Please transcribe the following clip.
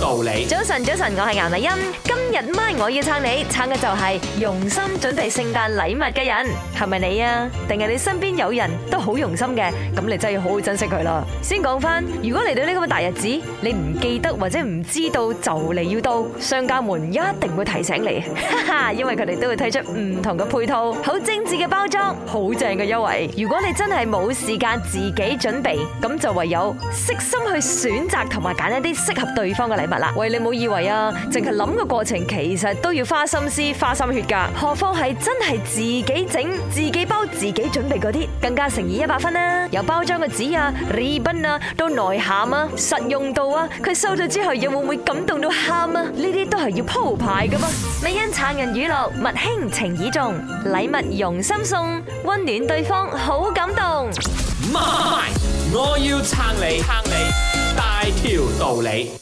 道理。早晨，早晨，我係顏麗欣。今日晚我要撐你，撐嘅就係用心準備聖誕禮物嘅人是，係咪你啊？定係你身邊有人都好用心嘅？咁你真係要好好珍惜佢咯。先講翻，如果嚟到呢個大日子，你唔記得或者唔知道就嚟要到，商家們一定會提醒你，哈哈，因為佢哋都會推出唔同嘅配套，好精緻嘅包裝，好正嘅優惠。如果你真係冇時間自己準備，咁就唯有悉心去選擇同埋揀一啲適合對方嘅禮物。啦，喂，你冇以為啊，淨係諗嘅過程，其實都要花心思、花心血噶，何況係真係自己整、自己包、自己準備嗰啲，更加誠意一百分啊。有包裝嘅紙啊、ribbon 啊，到內涵啊、實用度啊，佢收咗之後又會唔會感動到喊啊？呢啲都係要鋪排噶噃。美恩撐人娛樂，物輕情意重，禮物用心送，溫暖對方好感動。我要撐你，撐你大條道理。